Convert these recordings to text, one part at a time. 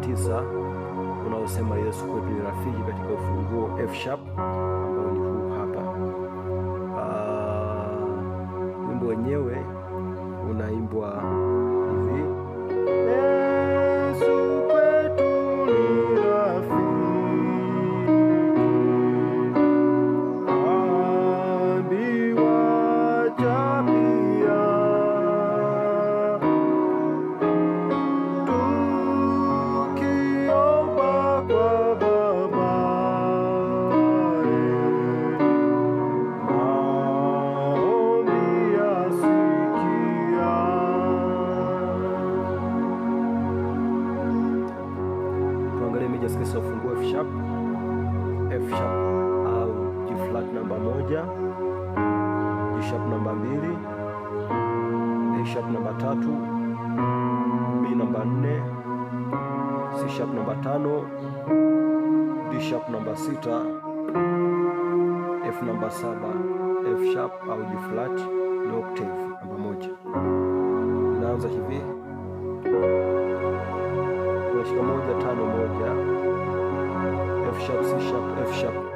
tisa unaosema Yesu kwetu ni rafiki katika ufunguo F sharp ambao ni huu hapa. Ah, wimbo wenyewe unaimbwa tano D sharp namba sita F namba saba F sharp au G flat ni octave namba moja. Inaanza hivi, unashika moja tano moja F sharp C sharp F sharp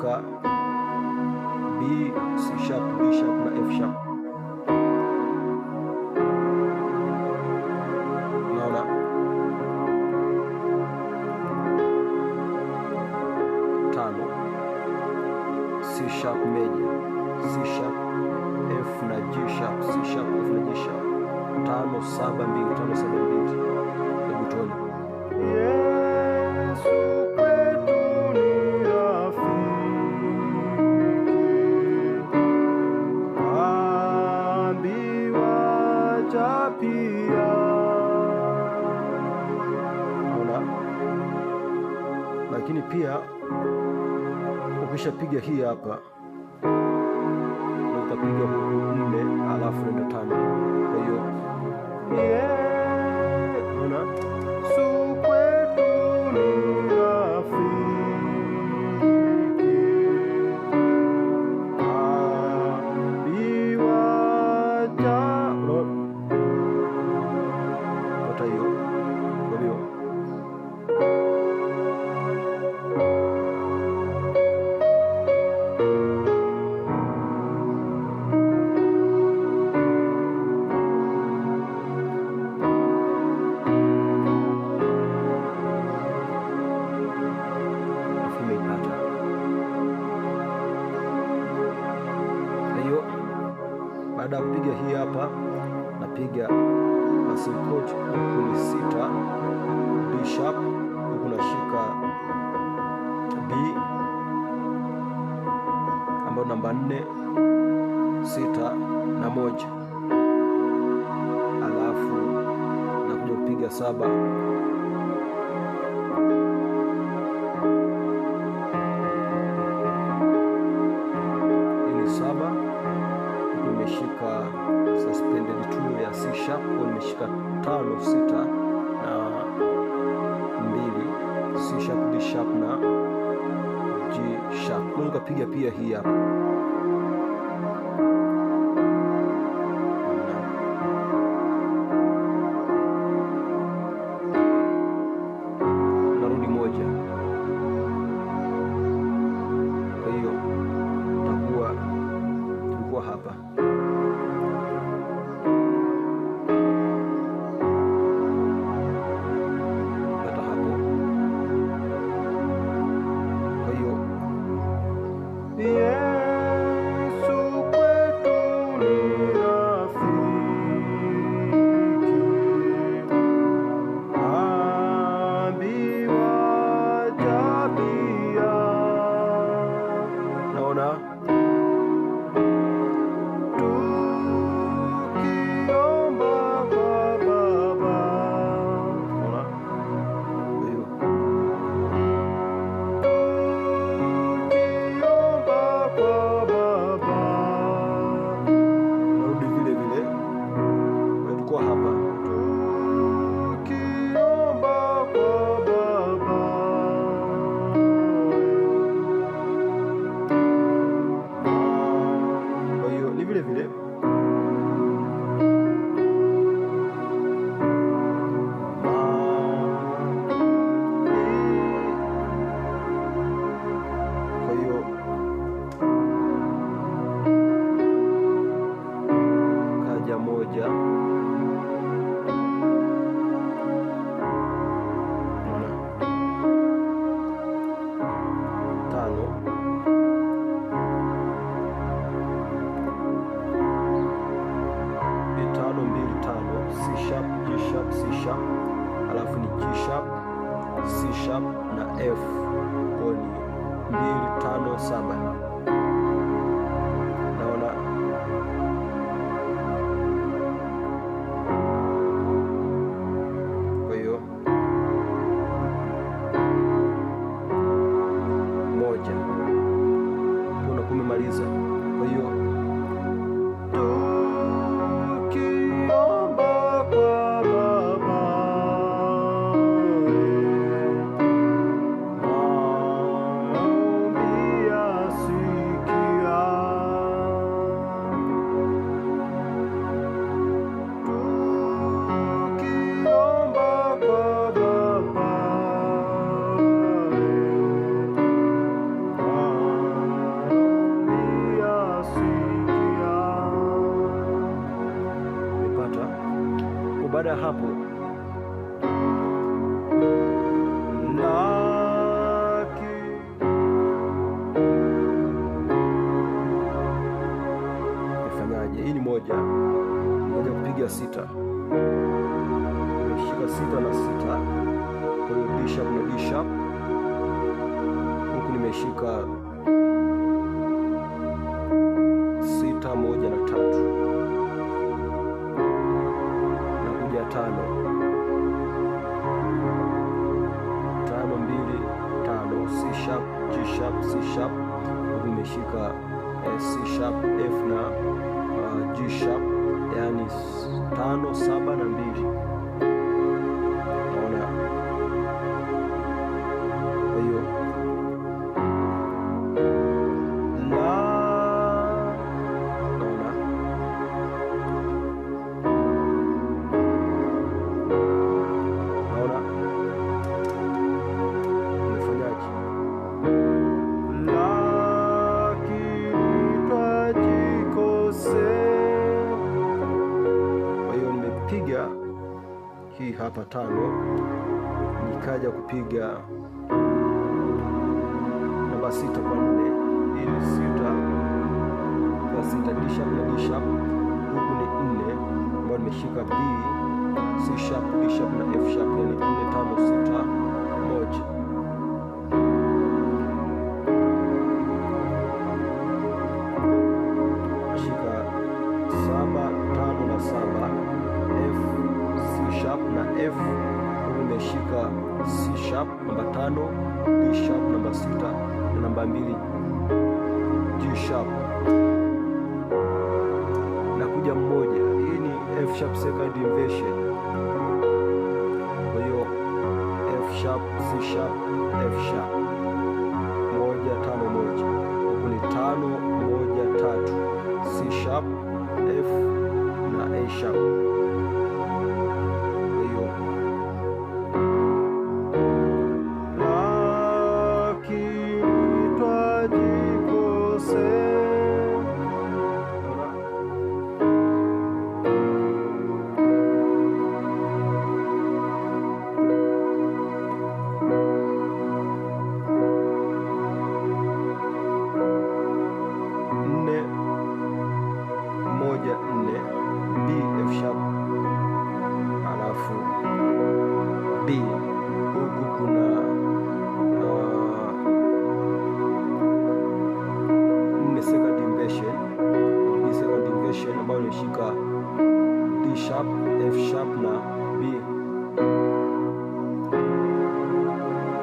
哥。nitapiga hii hapa unapiga passing chord huku ni sita B sharp, huku unashika B ambayo namba nne sita na moja, alafu nakuja kupiga saba B sharp na G sharp. Unga piga pia hii hapa tano tano mbili tano C sharp G sharp C sharp, alafu ni G sharp C sharp na F Kwa ni mbili tano saba. ya sita, umeshika sita na sita, kwa hiyo D sharp na D sharp. Huku nimeshika sita moja na tatu, na kuja tano tano mbili tano, C sharp G sharp C sharp, huku nimeshika eh, C sharp F na uh, G sharp yani tano saba na mbili hii hapa tano, nikaja kupiga namba sita kwa nne, ili sita kwa sita D sharp na D sharp, huku ni nne ambayo nimeshika B, C sharp, D sharp na F sharp, yani nne tano sita namba sita na namba mbili G sharp na kuja mmoja. Hii ni F sharp second inversion, kwa hiyo F sharp C sharp F sharp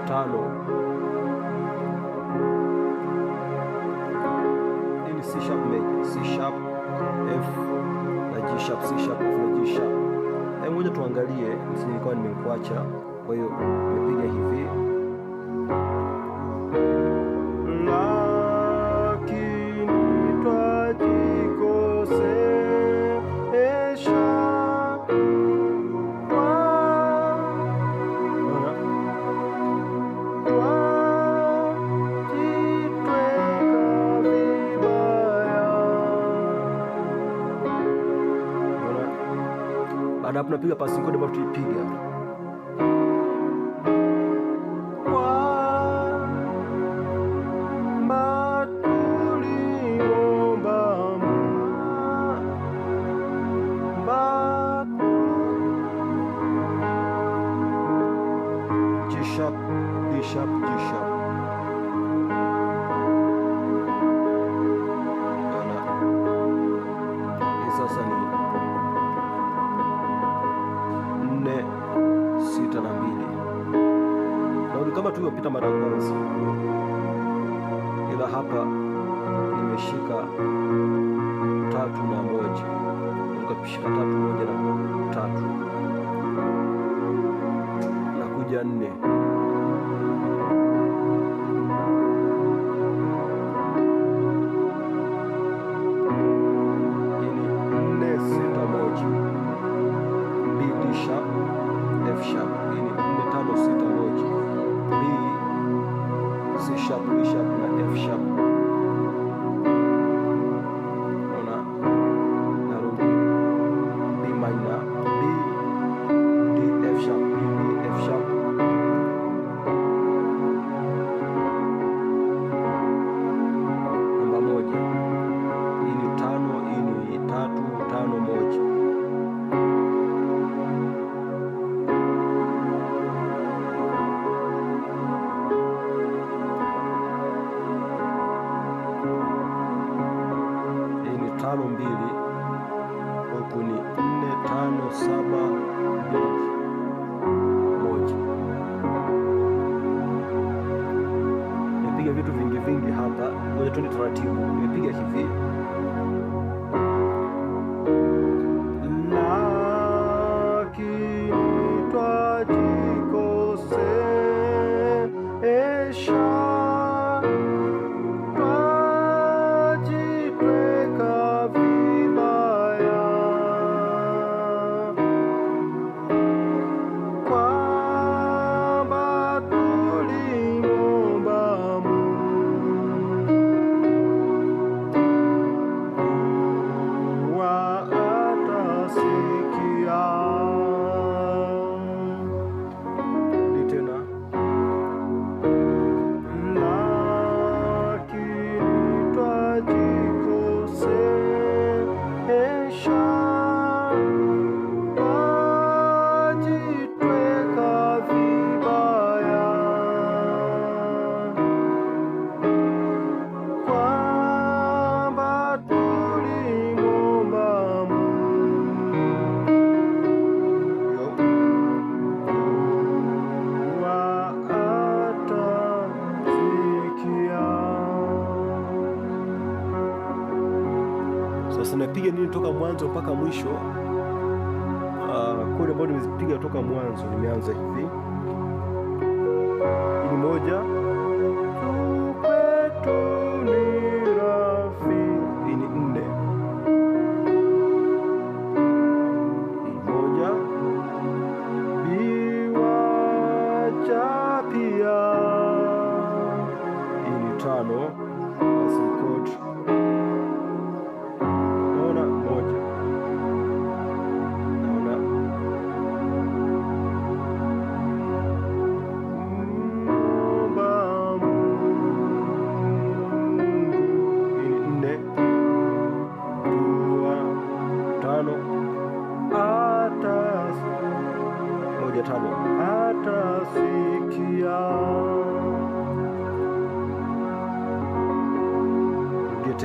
tano. hii ni C sharp major, C sharp F na G sharp, C sharp F na G sharp. Hebu ngoja tuangalie, nilikuwa nimekuacha, kwa hiyo nimepiga hivi na tunapiga pasi ngoni ambayo tulipiga kama tulivyopita mara ya kwanza, ila hapa nimeshika tatu na moja, tukashika tatu moja na tatu na kuja nne. worship. tano mbili, huku ni nne tano saba mbili moja. Nipiga vitu vingi vingi hapa, ngoja tuende taratibu. Nimepiga hivi mwanzo mpaka mwisho. Uh, kodi ambayo nimezipiga toka mwanzo nimeanza hivi, ili moja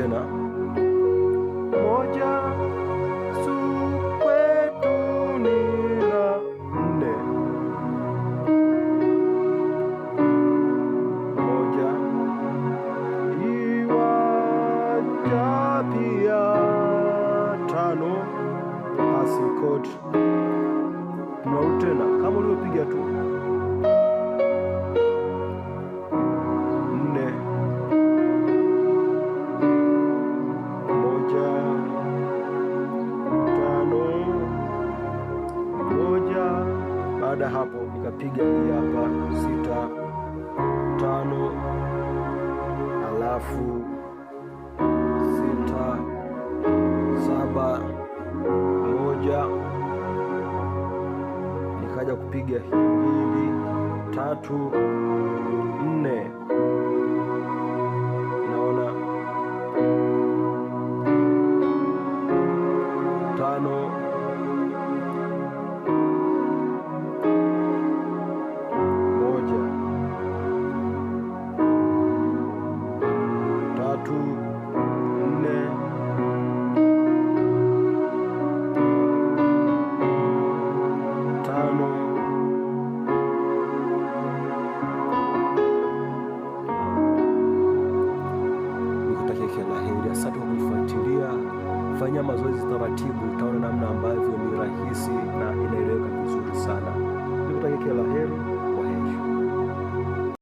dinner piga hii hapa sita tano, alafu sita saba moja, nikaja kupiga hii mbili tatu